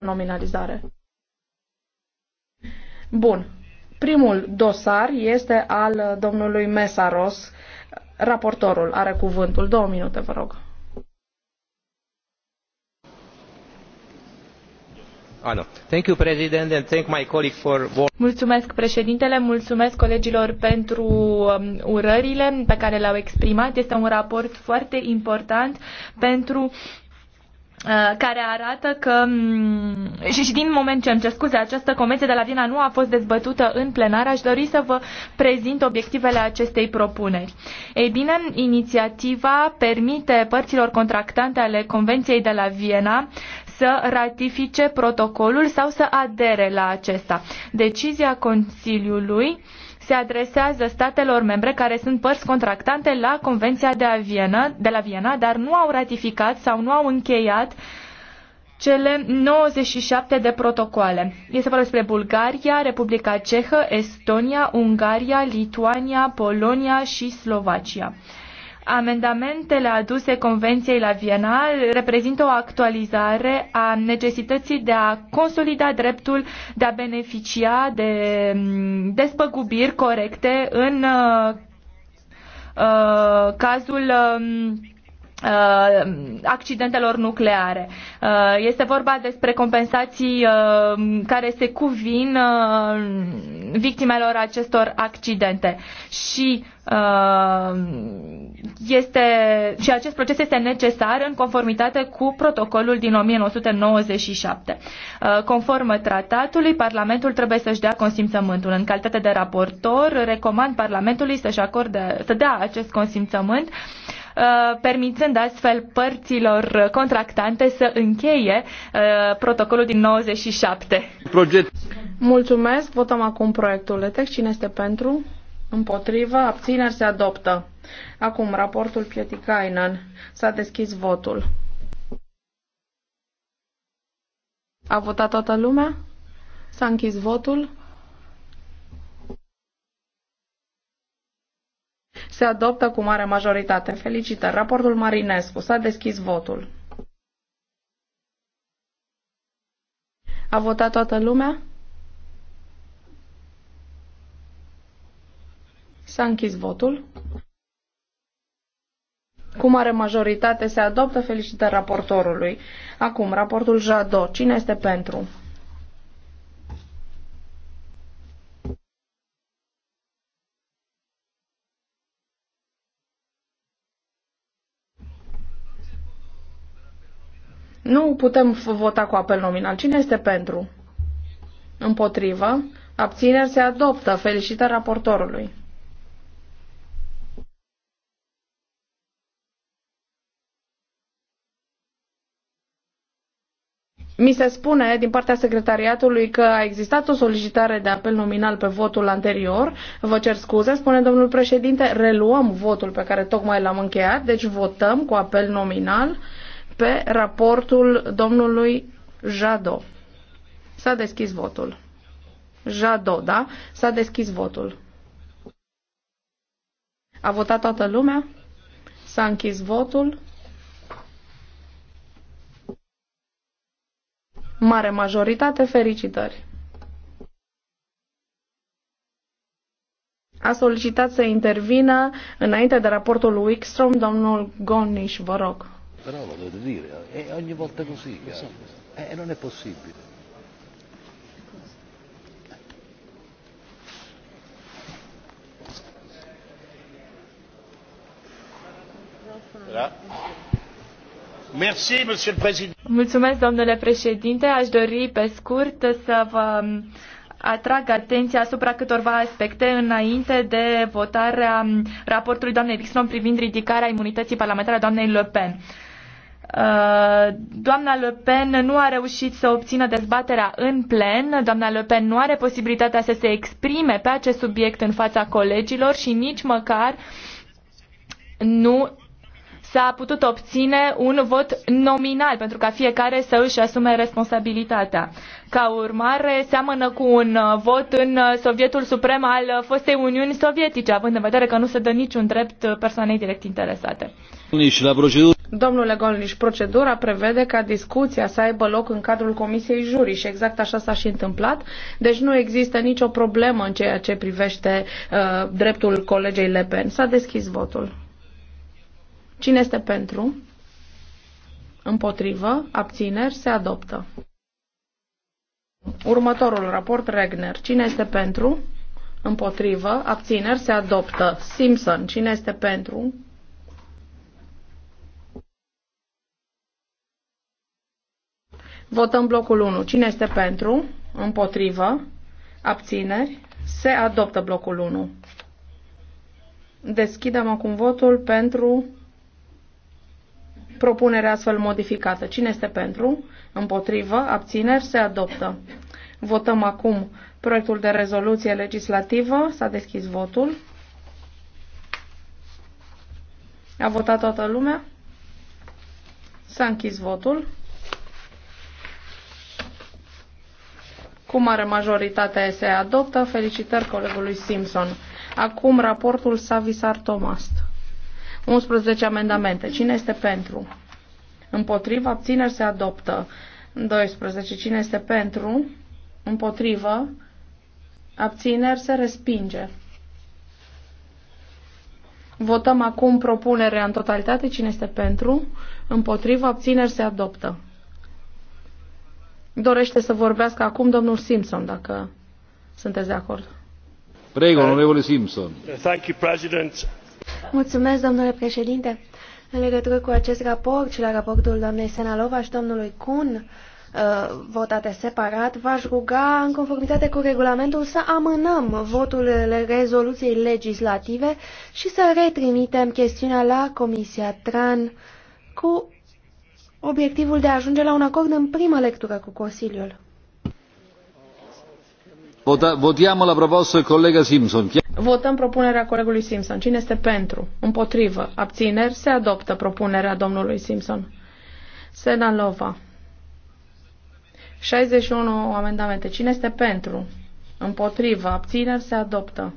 nominalizare. Bun. Primul dosar este al domnului Mesaros. Raportorul are cuvântul. Două minute, vă rog. Ah, thank you, President, and thank my colleague for... Mulțumesc președintele, mulțumesc colegilor pentru um, urările pe care le-au exprimat. Este un raport foarte important pentru Uh, care arată că mm, și, și din moment ce îmi cer scuze, această convenție de la Viena nu a fost dezbătută în plenar, aș dori să vă prezint obiectivele acestei propuneri. Ei bine, inițiativa permite părților contractante ale convenției de la Viena să ratifice protocolul sau să adere la acesta. Decizia Consiliului se adresează statelor membre care sunt părți contractante la Convenția de, Viena, de la Viena, dar nu au ratificat sau nu au încheiat cele 97 de protocoale. Este vorba despre Bulgaria, Republica Cehă, Estonia, Ungaria, Lituania, Polonia și Slovacia. Amendamentele aduse Convenției la Viena reprezintă o actualizare a necesității de a consolida dreptul de a beneficia de mm, despăgubiri corecte în uh, uh cazul uh, Uh, accidentelor nucleare. Uh, este vorba despre compensații uh, care se cuvin victimelor acestor accidente și este și acest proces este necesar în conformitate cu protocolul din 1997. Conform tratatului, Parlamentul trebuie să-și dea consimțământul. În calitate de raportor, recomand Parlamentului să-și acorde, să dea acest consimțământ uh, Uh, permițând astfel părților contractante să încheie uh, protocolul din 97. Proiect. Mulțumesc, votăm acum proiectul de text. Cine este pentru? Împotrivă, abțineri se adoptă. Acum, raportul Pietikainen. S-a deschis votul. A votat toată lumea? S-a închis votul? se adoptă cu mare majoritate. Felicitări. Raportul Marinescu. S-a deschis votul. A votat toată lumea? S-a închis votul. Cu mare majoritate se adoptă felicitări raportorului. Acum, raportul Jado. Cine este pentru? Nu putem vota cu apel nominal. Cine este pentru? Împotrivă. Abțineri se adoptă. Felicitări raportorului. Mi se spune din partea secretariatului că a existat o solicitare de apel nominal pe votul anterior. Vă cer scuze, spune domnul președinte, reluăm votul pe care tocmai l-am încheiat, deci votăm cu apel nominal pe raportul domnului Jado. S-a deschis votul. Jado, da? S-a deschis votul. A votat toată lumea? S-a închis votul. Mare majoritate, felicitări! A solicitat să intervină înainte de raportul Wickstrom domnul Gonish, vă rog però lo dovete dire, eh, è ogni volta così, e eh. eh, non è possibile. Mulțumesc, domnule președinte. Aș dori pe scurt să vă um, atrag atenția asupra câtorva aspecte înainte de votarea um, raportului doamnei Dixon privind ridicarea imunității parlamentare a doamnei Le Pen. Uh, doamna Le Pen nu a reușit să obțină dezbaterea în plen, doamna Le Pen nu are posibilitatea să se exprime pe acest subiect în fața colegilor și nici măcar nu s-a putut obține un vot nominal pentru ca fiecare să își asume responsabilitatea. Ca urmare, seamănă cu un vot în Sovietul Suprem al fostei Uniuni Sovietice, având în vedere că nu se dă niciun drept persoanei direct interesate. Nici la procedură. Domnule Golniș, procedura prevede ca discuția să aibă loc în cadrul Comisiei Juri și exact așa s-a și întâmplat. Deci nu există nicio problemă în ceea ce privește uh, dreptul colegei Le Pen. S-a deschis votul. Cine este pentru? Împotrivă? Abțineri? Se adoptă. Următorul raport, Regner. Cine este pentru? Împotrivă? Abțineri? Se adoptă. Simpson. Cine este pentru? Votăm blocul 1. Cine este pentru? Împotrivă? Abțineri? Se adoptă blocul 1. Deschidem acum votul pentru propunerea astfel modificată. Cine este pentru? Împotrivă? Abțineri? Se adoptă. Votăm acum proiectul de rezoluție legislativă. S-a deschis votul. A votat toată lumea? S-a închis votul. Cu mare majoritate se adoptă. Felicitări colegului Simpson. Acum raportul Savisar Tomast. 11 amendamente. Cine este pentru? Împotrivă. Abțineri se adoptă. 12. Cine este pentru? Împotrivă. Abțineri se respinge. Votăm acum propunerea în totalitate. Cine este pentru? Împotrivă. Abțineri se adoptă dorește să vorbească acum domnul Simpson, dacă sunteți de acord. Prego, Simpson. Thank you, President. Mulțumesc, domnule președinte. În legătură cu acest raport și la raportul doamnei Senalova și domnului Kun, uh, votate separat, v-aș ruga, în conformitate cu regulamentul, să amânăm votul rezoluției legislative și să retrimitem chestiunea la Comisia TRAN cu obiectivul de a ajunge la un acord în prima lectură cu Consiliul. Votăm la propunerea del Simpson. Votăm propunerea colegului Simpson. Cine este pentru? Împotrivă? Abțineri? Se adoptă propunerea domnului Simpson. Senalova. 61 amendamente. Cine este pentru? Împotrivă. Abțineri se adoptă.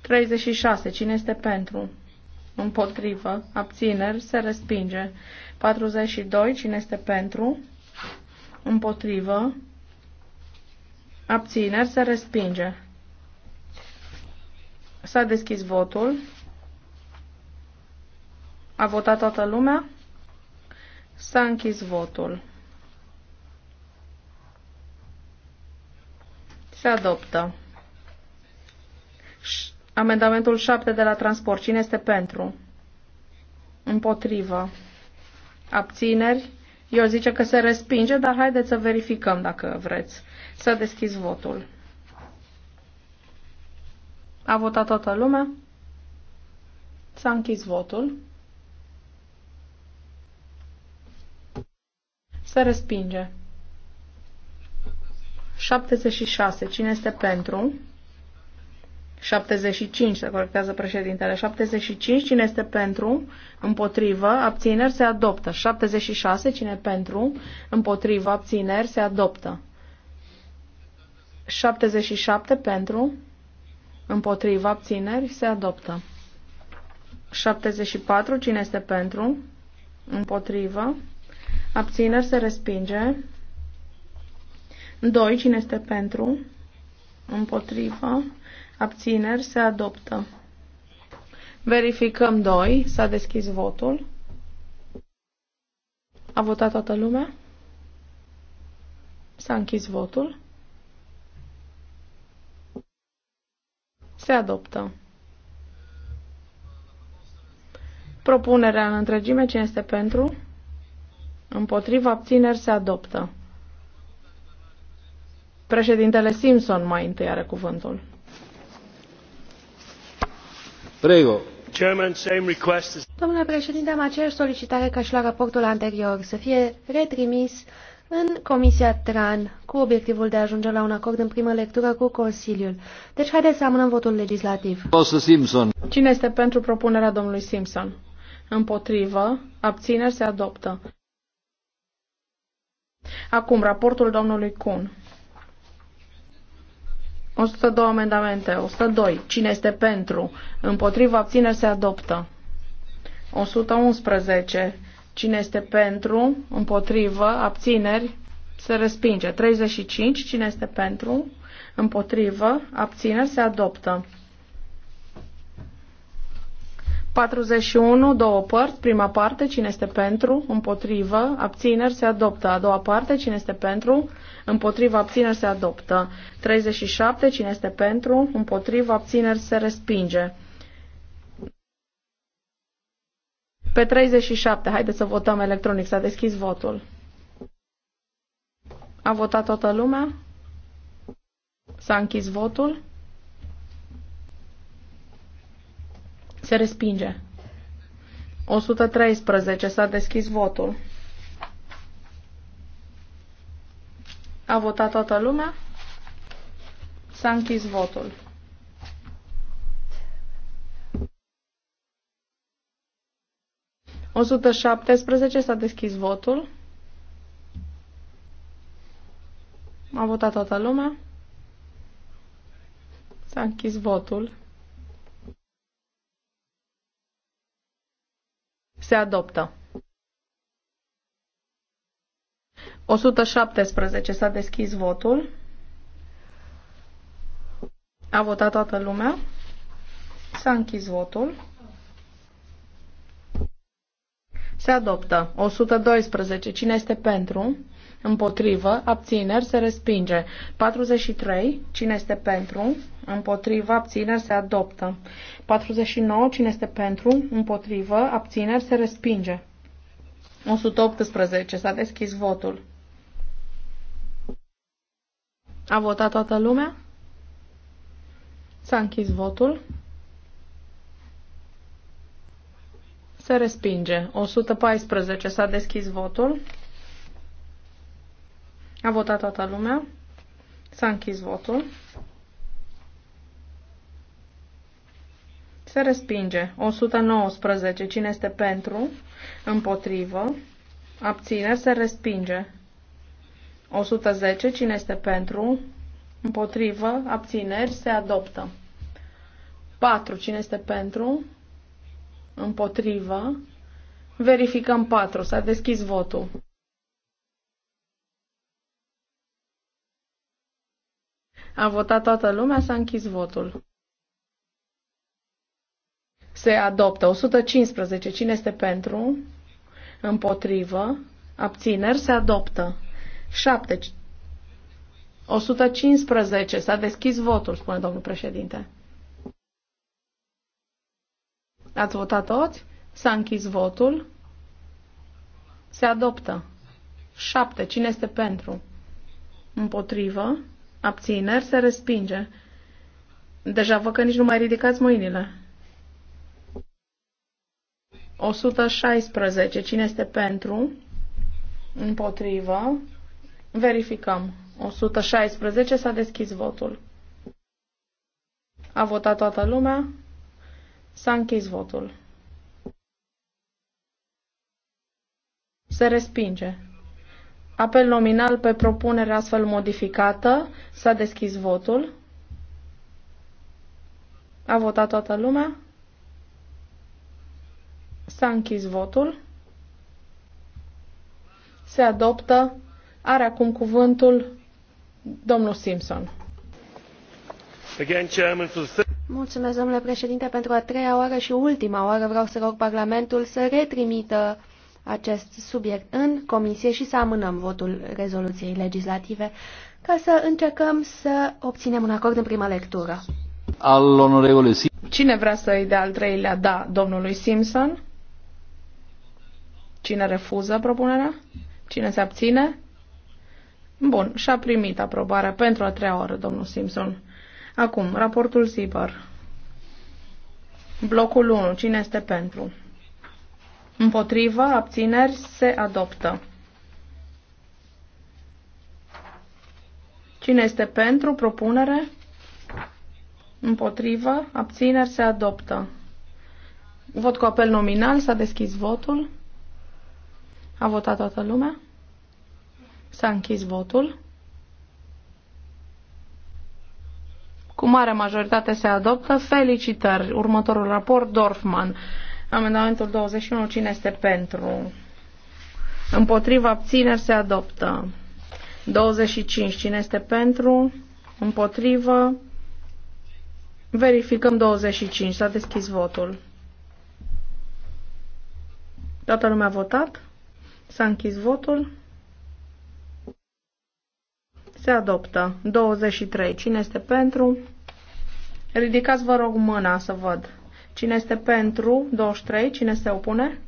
36. Cine este pentru? împotrivă, abțineri, se respinge. 42, cine este pentru, împotrivă, abțineri, se respinge. S-a deschis votul. A votat toată lumea. S-a închis votul. Se adoptă. Amendamentul 7 de la transport. Cine este pentru? Împotrivă. Abțineri? Eu zice că se respinge, dar haideți să verificăm dacă vreți. Să deschizi votul. A votat toată lumea? S-a închis votul. Se respinge. 76. Cine este pentru? 75, se corectează președintele. 75, cine este pentru? Împotrivă, abțineri, se adoptă. 76, cine pentru? Împotrivă, abțineri, se adoptă. 77 pentru, împotrivă, abțineri, se adoptă. 74, cine este pentru? Împotrivă, abțineri, se respinge. 2, cine este pentru? împotrivă, abțineri, se adoptă. Verificăm 2, s-a deschis votul. A votat toată lumea? S-a închis votul. Se adoptă. Propunerea în întregime, cine este pentru? Împotriva abțineri se adoptă. Președintele Simpson mai întâi are cuvântul. Prego. Domnule președinte, am aceeași solicitare ca și la raportul anterior, să fie retrimis în Comisia TRAN cu obiectivul de a ajunge la un acord în primă lectură cu Consiliul. Deci haideți să amânăm votul legislativ. Simpson. Cine este pentru propunerea domnului Simpson? Împotrivă, abțineri se adoptă. Acum, raportul domnului Kuhn. 102 amendamente. 102. Cine este pentru? Împotriva abțineri se adoptă. 111. Cine este pentru? Împotrivă? Abțineri? Se respinge. 35. Cine este pentru? Împotrivă? Abțineri? Se adoptă. 41, două părți, prima parte, cine este pentru, împotrivă, abțineri, se adoptă. A doua parte, cine este pentru, împotrivă, abțineri, se adoptă. 37, cine este pentru, împotrivă, abțineri, se respinge. Pe 37, haideți să votăm electronic, s-a deschis votul. A votat toată lumea? S-a închis votul? Se respinge. 113. S-a deschis votul. A votat toată lumea? S-a închis votul. O 117 s-a deschis votul. A votat toată lumea. S-a închis votul. Se adoptă. 117. S-a deschis votul. A votat toată lumea. S-a închis votul. Se adoptă. 112. Cine este pentru? împotrivă, abțineri, se respinge. 43, cine este pentru, împotrivă, abțineri, se adoptă. 49, cine este pentru, împotrivă, abțineri, se respinge. 118, s-a deschis votul. A votat toată lumea? S-a închis votul. Se respinge. 114. S-a deschis votul. A votat toată lumea. S-a închis votul. Se respinge. 119. Cine este pentru? Împotrivă. Abține. Se respinge. 110. Cine este pentru? Împotrivă. Abțineri. Se adoptă. 4. Cine este pentru? Împotrivă. Verificăm 4. S-a deschis votul. A votat toată lumea, s-a închis votul. Se adoptă 115. Cine este pentru? Împotrivă. Abțineri se adoptă. 7. 115. S-a deschis votul, spune domnul președinte. Ați votat toți? S-a închis votul. Se adoptă. 7. Cine este pentru? Împotrivă. Abțineri se respinge. Deja văd că nici nu mai ridicați mâinile. 116. Cine este pentru? Împotrivă. Verificăm. 116 s-a deschis votul. A votat toată lumea. S-a închis votul. Se respinge. Apel nominal pe propunere astfel modificată. S-a deschis votul. A votat toată lumea. S-a închis votul. Se adoptă. Are acum cuvântul domnul Simpson. Mulțumesc, domnule președinte, pentru a treia oară și ultima oară vreau să rog Parlamentul să retrimită acest subiect în comisie și să amânăm votul rezoluției legislative ca să încercăm să obținem un acord în prima lectură. Al onorevole Cine vrea să-i dea al treilea da domnului Simpson? Cine refuză propunerea? Cine se abține? Bun, și-a primit aprobarea pentru a treia oră, domnul Simpson. Acum, raportul Zipăr. Blocul 1. Cine este pentru? Împotrivă, abțineri, se adoptă. Cine este pentru propunere? Împotrivă, abțineri, se adoptă. Vot cu apel nominal, s-a deschis votul. A votat toată lumea? S-a închis votul. Cu mare majoritate se adoptă. Felicitări. Următorul raport, Dorfman. Amendamentul 21. Cine este pentru? Împotriva abțineri se adoptă. 25. Cine este pentru? Împotrivă? Verificăm 25. S-a deschis votul. Toată lumea a votat? S-a închis votul? Se adoptă. 23. Cine este pentru? Ridicați, vă rog, mâna să văd. Cine este pentru 23? Cine se opune?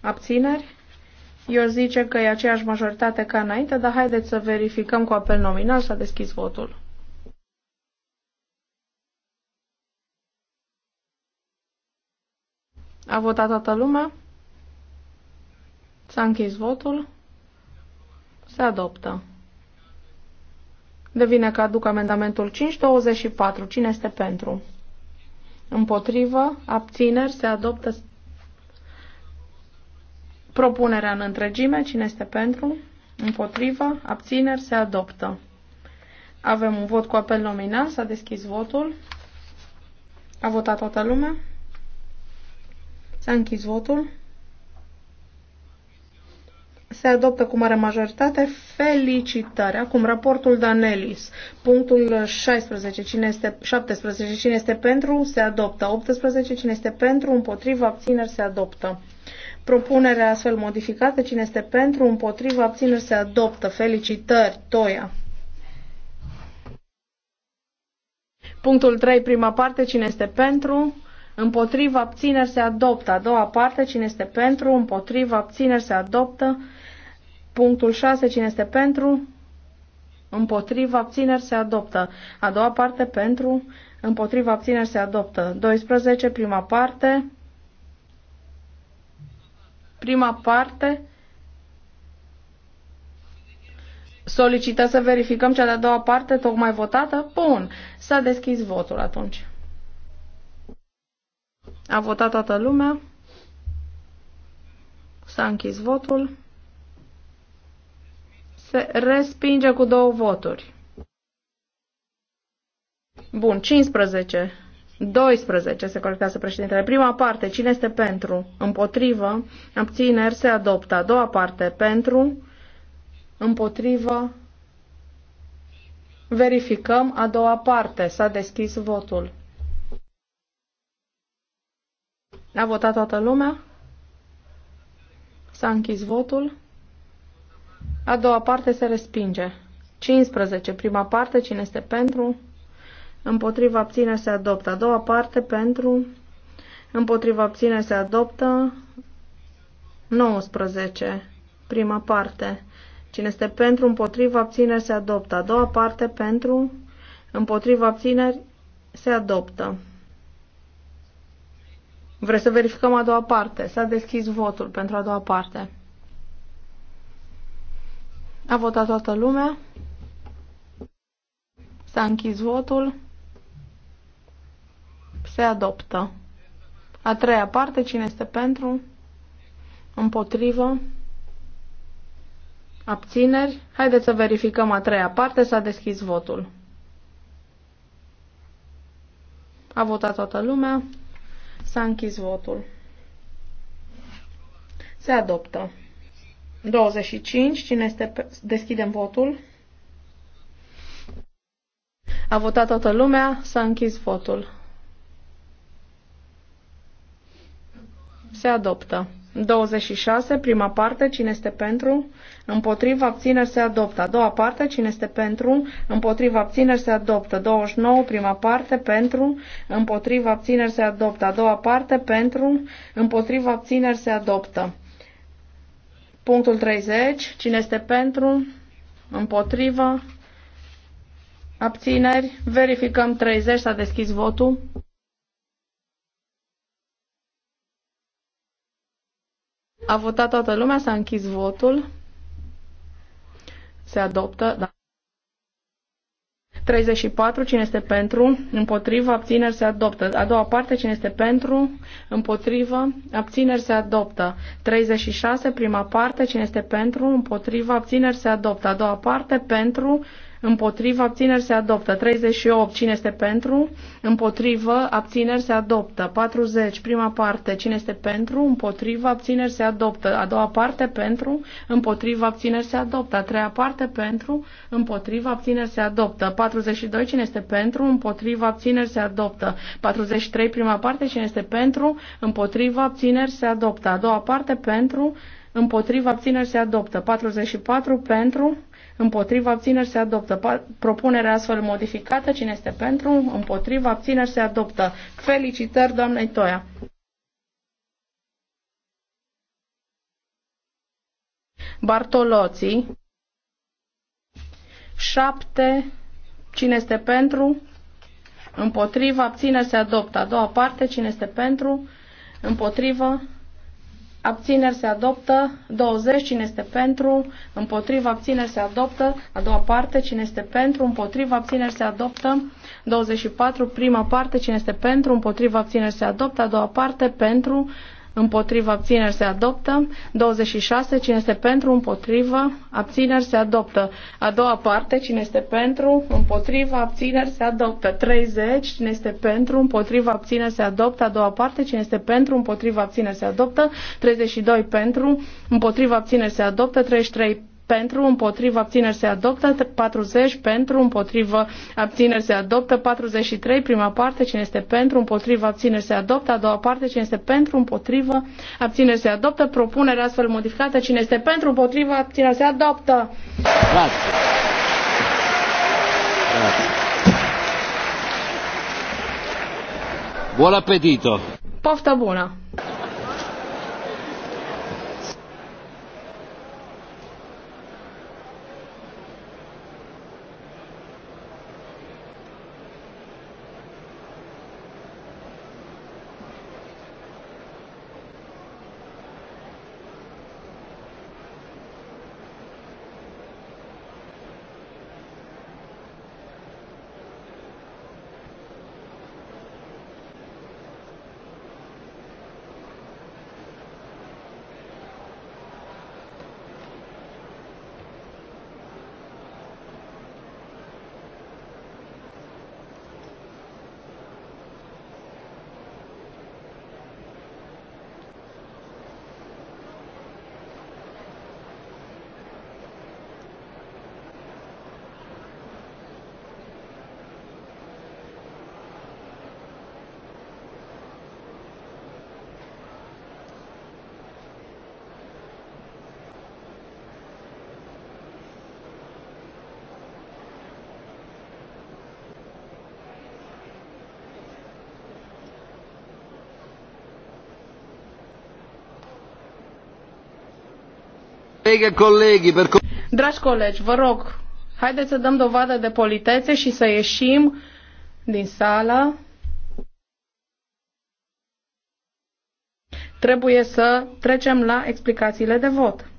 Abțineri? Eu zice că e aceeași majoritate ca înainte, dar haideți să verificăm cu apel nominal. S-a deschis votul. A votat toată lumea. S-a închis votul. Se adoptă. Devine aduc amendamentul 524. Cine este pentru? Împotrivă, abțineri, se adoptă propunerea în întregime. Cine este pentru? Împotrivă, abțineri, se adoptă. Avem un vot cu apel nominal, s-a deschis votul. A votat toată lumea. S-a închis votul se adoptă cu mare majoritate. Felicitări! Acum, raportul Danelis. Punctul 16, cine este, 17, cine este pentru, se adoptă. 18, cine este pentru, împotriva, abțineri, se adoptă. Propunerea astfel modificată, cine este pentru, împotriva, abțineri, se adoptă. Felicitări! Toia! Punctul 3, prima parte, cine este pentru, împotriva abțineri se adoptă. A doua parte, cine este pentru, împotriva abțineri se adoptă. Punctul 6, cine este pentru, împotriva abțineri se adoptă. A doua parte, pentru, împotriva abțineri se adoptă. 12, prima parte, prima parte, solicită să verificăm cea de-a doua parte tocmai votată? Bun, s-a deschis votul atunci. A votat toată lumea. S-a închis votul. Se respinge cu două voturi. Bun, 15. 12 se corectează președintele. Prima parte, cine este pentru? Împotrivă, abțineri, se adoptă. A doua parte, pentru, împotrivă, verificăm. A doua parte, s-a deschis votul. A votat toată lumea? S-a închis votul. A doua parte se respinge. 15. Prima parte, cine este pentru? Împotriva abține se adoptă. A doua parte, pentru? Împotriva abține se adoptă. 19. Prima parte. Cine este pentru, împotriva abțineri se adoptă. A doua parte, pentru? Împotriva abțineri se adoptă. Vreți să verificăm a doua parte? S-a deschis votul pentru a doua parte. A votat toată lumea. S-a închis votul. Se adoptă. A treia parte, cine este pentru? Împotrivă? Abțineri? Haideți să verificăm a treia parte, s-a deschis votul. A votat toată lumea. S-a închis votul. Se adoptă. 25. Cine este pe... Deschidem votul. A votat toată lumea. S-a închis votul. Se adoptă. 26, prima parte, cine este pentru, împotriva abțineri se adoptă. A doua parte, cine este pentru, împotriva abțineri se adoptă. 29, prima parte, pentru, împotriva abțineri se adoptă. A doua parte, pentru, împotriva abțineri se adoptă. Punctul 30, cine este pentru, împotriva, abțineri, verificăm 30, s-a deschis votul. A votat toată lumea, s-a închis votul. Se adoptă. Da. 34. Cine este pentru? Împotrivă. Abțineri se adoptă. A doua parte. Cine este pentru? Împotrivă. Abțineri se adoptă. 36. Prima parte. Cine este pentru? Împotrivă. Abțineri se adoptă. A doua parte. Pentru împotrivă, abțineri se adoptă. 38, cine este pentru, împotrivă, abțineri se adoptă. 40, prima parte, cine este pentru, împotrivă, abțineri se adoptă. A doua parte, pentru, împotrivă, abțineri se adoptă. A treia parte, pentru, împotrivă, abțineri se adoptă. 42, cine este pentru, împotrivă, abțineri se adoptă. 43, prima parte, cine este pentru, împotrivă, abțineri se adoptă. A doua parte, pentru, împotrivă, abțineri se adoptă. 44, pentru, împotriva abțineri se adoptă. Propunerea astfel modificată, cine este pentru, împotriva abțineri se adoptă. Felicitări, doamnei Toia! Bartoloții Șapte. Cine este pentru? Împotriva. Abțineri se adoptă. A doua parte. Cine este pentru? Împotriva abțineri se adoptă, 20, cine este pentru, împotriva, abțineri se adoptă, a doua parte, cine este pentru, împotriva, abțineri se adoptă, 24, prima parte, cine este pentru, împotriva, abțineri se adoptă, a doua parte, pentru, împotrivă, abțineri se adoptă. 26, cine este pentru, împotrivă, abțineri se adoptă. A doua parte, cine este pentru, împotrivă, abțineri se adoptă. 30, cine este pentru, împotrivă, abțineri se adoptă. A doua parte, cine este pentru, împotrivă, abțineri se adoptă. 32 pentru, împotrivă, abțineri se adoptă. 33 pentru, împotrivă, abțineri se adoptă, 40 pentru, împotrivă, abțineri se adoptă, 43, prima parte, cine este pentru, împotrivă, abțineri se adoptă, a doua parte, cine este pentru, împotrivă, abțineri se adoptă, propunerea astfel modificată, cine este pentru, împotrivă, abțineri se adoptă. Grazie. Grazie. Buon appetito! Poftă bună! Dragi colegi, vă rog, haideți să dăm dovadă de politețe și să ieșim din sală. Trebuie să trecem la explicațiile de vot.